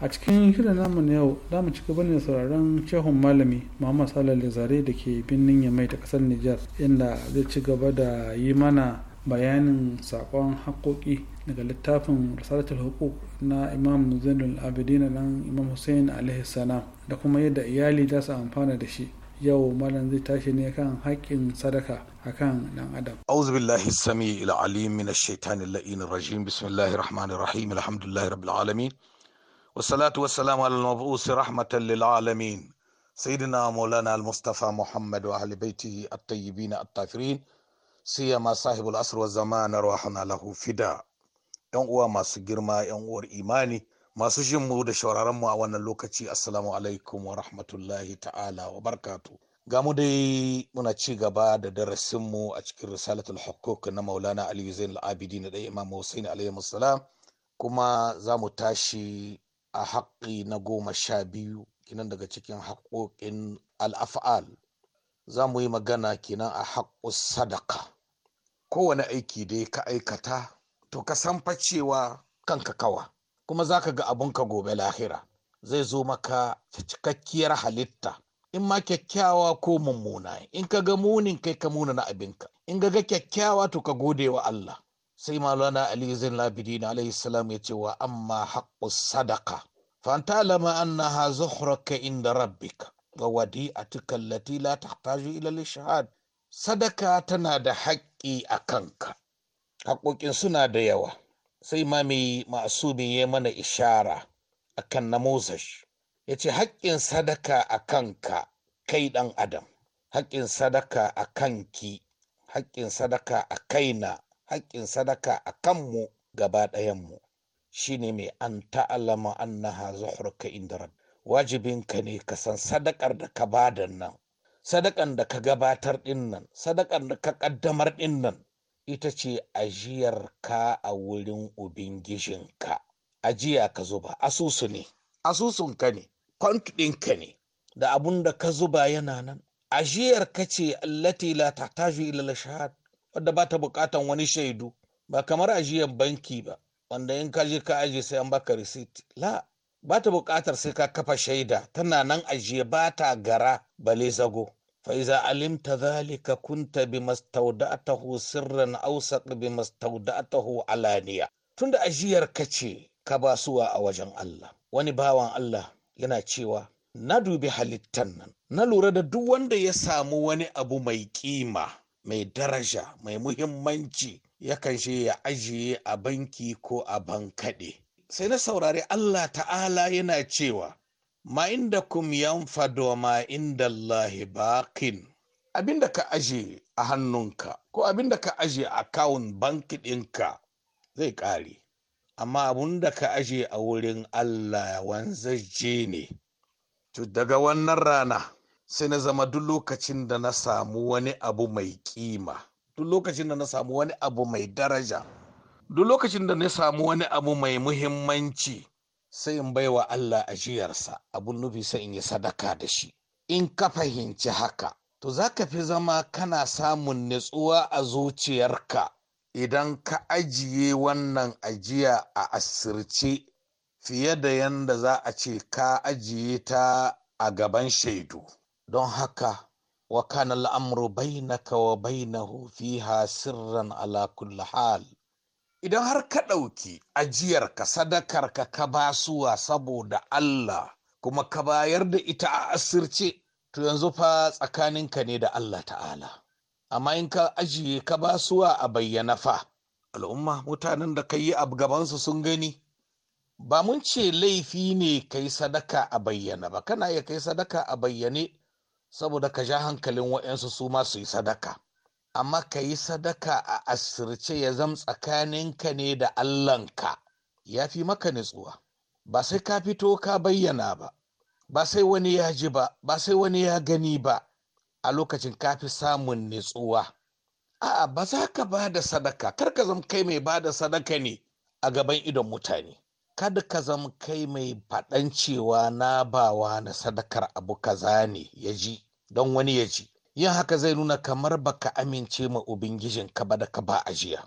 a cikin shirin namu na yau za mu ci gaba ne sauraron shehun malami muhammad da zare da ke birnin yamai ta kasar nijar inda zai ci gaba da yi mana bayanin sakon haƙoƙi daga littafin risalatul hukuk na imam zainul abidin dan imam hussein alaihi da kuma yadda iyali za su amfana da shi yau malam zai tashi ne kan haƙƙin sadaka akan dan adam auzu billahi sami al alim min ash rajim bismillahir rahmanir rahim alhamdulillahi rabbil alamin والصلاة والسلام على المبعوث رحمة للعالمين سيدنا مولانا المصطفى محمد وأهل بيته الطيبين الطاهرين سيما صاحب العصر والزمان روحنا له فداء ‘yan uwa masu girma ‘yan uwar imani masu jin mu da shauraron mu a wannan lokaci assalamu alaikum wa rahmatullahi ta'ala wa barkatu ga mu dai muna ci gaba da darasin mu a cikin risalatul hukuk na maulana ali zain al-abidi na imam hussein alaihi kuma za mu tashi a haƙƙi na goma sha biyu kinan daga cikin haƙoƙin al'af'al za mu yi magana kinan a haƙƙus sadaka kowane aiki dai ka aikata to ka san cewa kanka kawa kuma za ka ga ka gobe lahira zai zo maka cikakkiyar halitta in ma kyakkyawa ko mummuna in ka ga munin kai ka muna na abinka in ga ga kyakkyawa to ka gode wa Allah sai malana ali zin labidin alaihi salam ya ce wa amma haƙƙu sadaka فانتعلم أنها زخرك عند ربك ووديعتك التي لا تحتاج إلى الإشهاد صدقة تنادى حقي أكنك حقوق da yawa, sai ma mami ma'asumi ya mana ishara a kan namuzash ya ce haƙƙin sadaka a kanka kai ɗan adam haƙƙin sadaka a kanki haƙƙin sadaka a kaina haƙƙin sadaka a kanmu gaba ɗayanmu shine mai an ta'alama annaha zuhurka inda rabb wajibinka ne ka san sadakar da ka badan nan sadakan da ka gabatar din nan sadakan da ka kaddamar din nan ita ce ajiyar ka a wurin ubangijinka ajiya ka zuba asusu ne Asusun ka ne kwantudin ɗinka ne da abun da ka zuba yana nan ajiyar ka ce allati la tahtaju ila shahad wadda ba ta bukatan wani shaidu ba kamar ajiyar banki ba wanda in ka je ka aje sai an baka receipt la ba ta buƙatar sai ka kafa shaida tana nan ajiye ba ta gara bale zago Fa bi فإذا Ausa ذلك كنت بما استودعته سرا أوثق ajiyar ka ce, ka ba suwa a wajen Allah. wani bawan Allah yana cewa na dubi halittan nan na lura da duk wanda ya samu wani abu mai kima mai daraja mai muhimmanci yakan je ya ajiye a banki ko a bankaɗe. Sai na saurari Allah ta'ala yana cewa, Ma inda kum fado ma inda Allah bakin. Abin da ka aje a hannunka ko abin da ka aje a kawun banki ɗinka zai ƙare. Amma abun da ka aje a wurin Allah wanzaje ne. To daga wannan rana sai na zama duk lokacin da na samu wani abu mai ƙima. duk lokacin da na samu wani abu mai daraja duk lokacin da na samu wani abu mai muhimmanci sai in bai wa Allah ajiyarsa abun nufi sai in yi sadaka da shi in ka fahimci haka to za ka fi zama kana samun nutsuwa a zuciyarka idan ka ajiye wannan ajiya a asirce fiye da yadda za a ce ka ajiye ta a gaban shaidu don haka wa kana al'amru bainaka wa bainahu fiha sirran ala kulli hal idan har ka ɗauki ajiyarka sadakarka ka basuwa saboda Allah kuma ka bayar da ita a asirce to yanzu fa tsakaninka ne da Allah ta'ala amma in ka ajiye ka basuwa a bayyana fa al'umma mutanen da ka yi a gabansu sun gani ba mun ce laifi ne kai sadaka a bayyana ba kana iya kai sadaka a bayyane saboda ka ja hankalin waɗansu su ma su yi sadaka amma ka yi sadaka a asirce ya zam tsakaninka ne da allahnka ya fi maka nutsuwa ba sai ka fito ka bayyana ba ba sai wani ya ji ba ba sai wani ya gani ba a lokacin ka fi samun nutsuwa a'a ba za ka ba da sadaka kar ka zam kai mai ba da sadaka ne a gaban idon mutane kada ka zama kai mai faɗan cewa na bawa na sadakar abu kaza ne ya ji don wani ya ji yin haka zai nuna kamar baka amince ma ubangijin ka ba da ka ba ajiya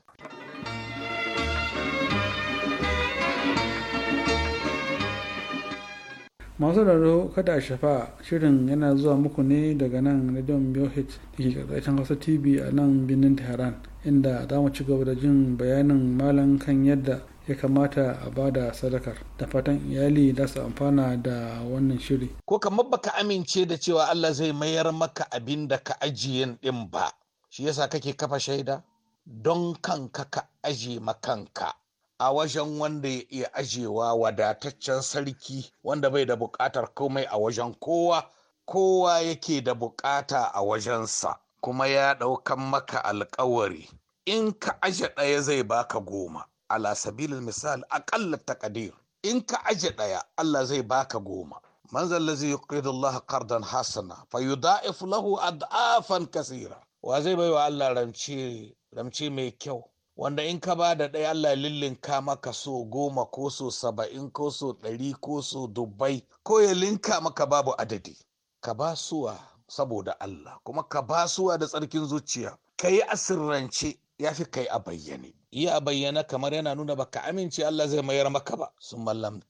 masu raro kada a shafa shirin yana zuwa muku ne daga nan radion BOH da ke karkashin kasa tv a nan birnin tehran inda za mu ci gaba da jin bayanin malam kan yadda ya kamata a bada da sadakar da fatan iyali za su amfana da wannan shiri ko kamar baka amince da cewa Allah zai mayar maka abin da ka ajiye din ba shi yasa kake kafa shaida don kanka ka aje makanka a wajen wanda ya iya ajewa wadataccen sarki wanda bai da buƙatar komai a wajen kowa kowa yake da bukata a wajensa kuma ya ɗaukan maka alkawari in ka aje ɗaya zai baka goma ala sabilil misal aƙalla takadir, in ka aje ɗaya, Allah zai baka goma man zai yuqidu Allah qardan hasana fayudha'if lahu ad'afan kasira wa zai baiwa Allah ramci mai kyau wanda in ka ba da ɗaya Allah lillinka maka so goma ko so saba'in ko so ɗari ko so dubbai ko ya linka maka babu adadi ka ba suwa saboda Allah kuma ka ba suwa da tsarkin zuciya ka yi asirrance ya fi kai a bayyane Iya a bayyana kamar yana nuna baka amince Allah zai mayar maka ba sun mallam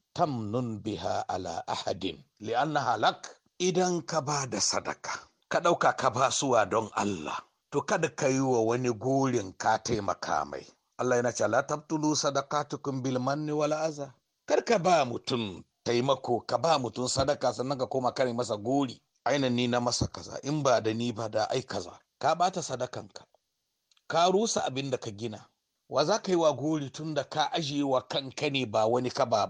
nun biha ala ahadin na halak idan ka ba da sadaka ka ɗauka ka ba suwa don Allah to kada ka yi wa wani gurin ka taimaka mai Allah yana ce tabtulu sadaka tukun bil manni wala aza kar ka ba mutum taimako ka ba mutum sadaka sannan ka koma kare masa gori ainihin ni na masa kaza in ba da ni ba da ai kaza ka bata sadakanka ka rusa abin da ka gina wa za ka yi wa gori tun da ka ajiye wa kanka ne ba wani ka ba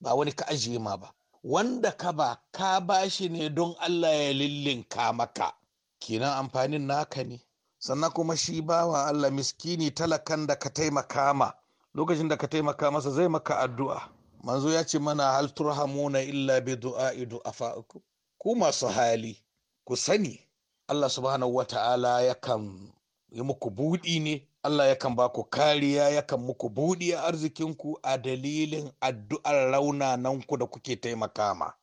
ba wani ka ajiye ma ba wanda ka ba ka ba shi ne don Allah ya lillinka maka kenan amfanin naka ne sannan kuma shi bawa Allah miskini talakan da ka taimaka ma lokacin da ka taimaka masa zai maka addu'a manzo ya ce mana hal turhamuna illa bi du'a'i du'afa'ukum ku masu hali ku sani Allah subhanahu wata'ala yakan yi muku buɗi ne Allah yakan ba ku kariya yakan muku buɗe arzikinku a dalilin addu'ar raunananku da kuke taimaka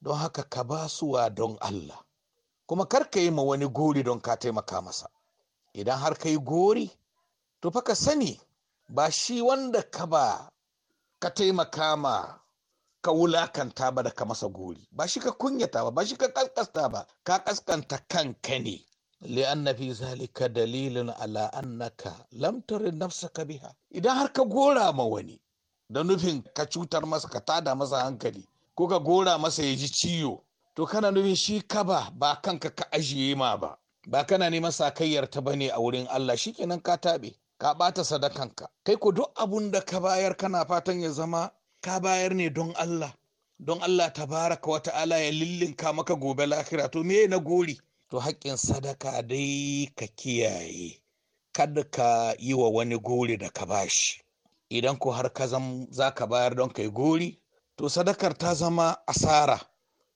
Don haka ka basuwa don Allah. Kuma kar ka yi ma wani gori don ka taimaka masa. Idan har ka yi gori, to fa ka sani ba shi wanda ka ba ka taimaka ma ka wulakanta ba da ka masa gori. Ba shi ka kunyata ba, ba shi ka kaskasta ba, ka kaskanta kanka ne. li'anna fi zalika dalilin ala annaka lam ka nafsaka biha idan har ka gora ma wani da nufin ka cutar masa ka tada masa hankali ko ka gora masa ya ji ciwo to kana nufin shi ka ba ba kanka ka ajiye ma ba ba kana neman sakayyar ta bane a wurin Allah shikenan ka tabe ka bata sadakanka kai ko duk abun da ka bayar kana fatan ya zama ka bayar ne don Allah don Allah tabaraka wa ta'ala ya lillinka maka gobe lafira? to me na gori to haƙƙin sadaka dai ka kiyaye kada ka yi wa wani gori da ka bashi idan ko har ka zama za ka bayar don kai gori to sadakar ta zama asara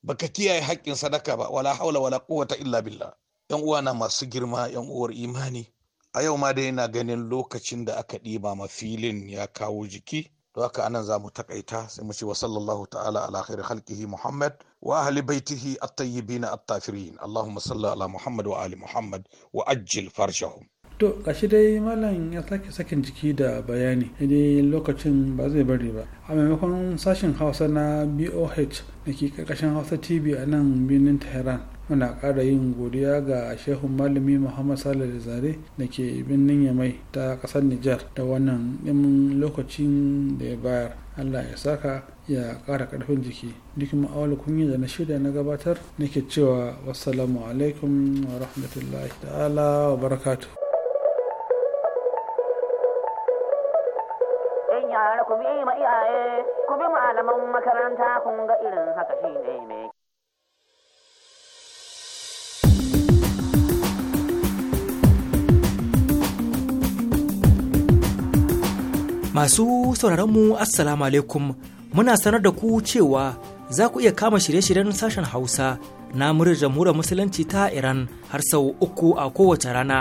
baka kiyaye haƙƙin sadaka ba wala haula wala quwwata illa billah yan uwana masu girma yan uwar imani a yau ma dai na ganin lokacin da aka ɗiba ma filin ya kawo jiki don haka anan za mu takaita sai mu ce wa sallallahu ta'ala ala khairi khalqihi muhammad wa ahli baitihi at-tayyibin at-tafirin allahumma salli ala muhammad wa ali muhammad wa ajil farjahum to gashi dai malam ya sake sakin jiki da bayani idan lokacin ba zai bari ba a maimakon sashen hausa na boh da ke karkashin hausa tv a nan birnin tehran muna ƙara yin godiya ga shehun malami muhammad salih zare da ke birnin yamai ta ƙasar nijar da wannan ɗimin lokacin da ya bayar allah ya saka ya ƙara ƙarfin jiki duk ma'awar kunyi da na shirya na gabatar nake cewa wassalamu alaikum wa rahmatullahi ta'ala wa barakatuh ku bi ma iyaye ku bi malaman makaranta kun ga irin haka shine mai Masu sauraronmu Assalamu alaikum muna sanar da ku cewa za ku iya kama shirye-shiryen sashen Hausa na muryar jamhuriyar Musulunci ta Iran har sau uku a kowace rana.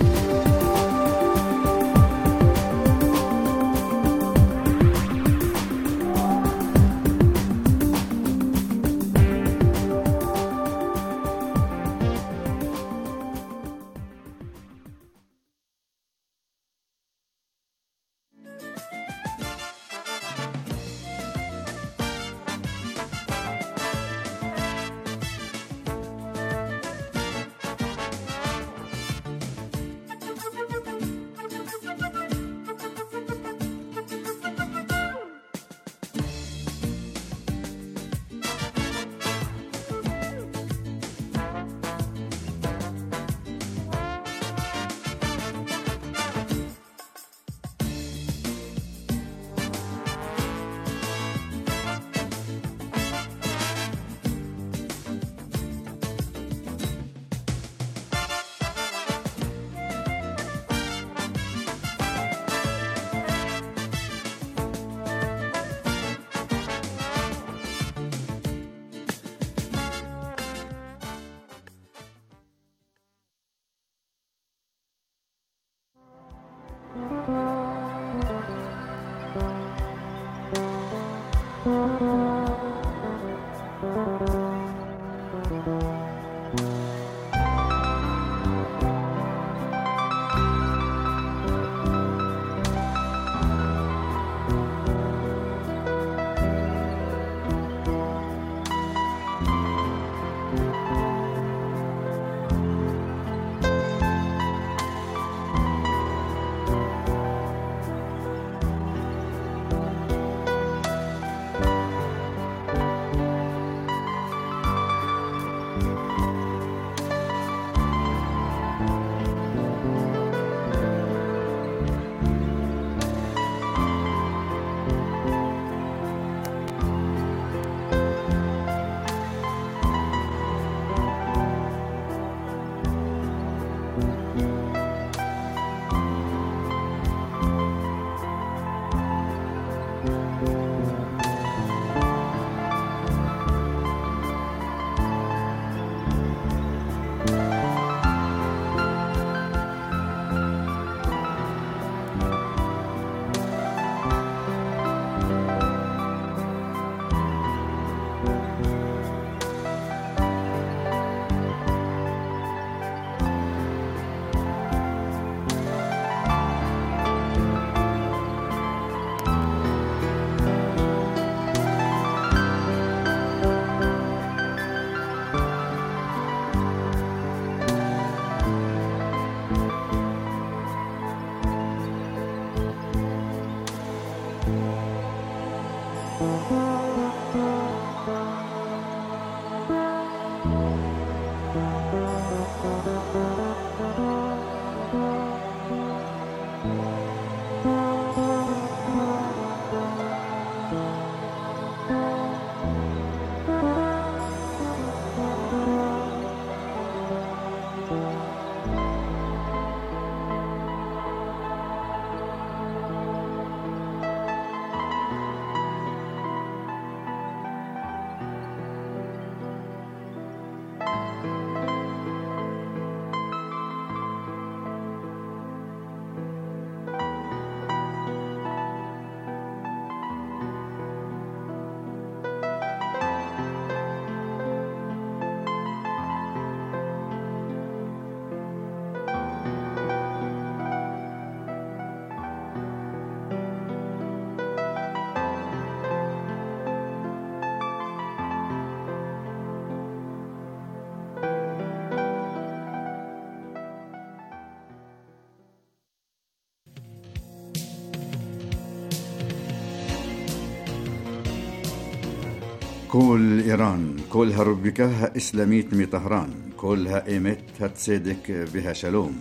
كل إيران كلها ربكها إسلاميت مي طهران كلها إيمت هتصدق بها شلوم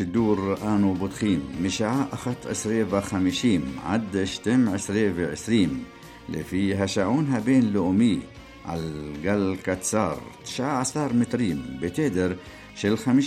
الدور آنو بطخيم مشاع أخت عسرية وخمشيم عد شتم عسرية وعسريم لفي هشعونها بين لؤمي على الجل كتسار تشاع عصار متريم بتدر شل חמישה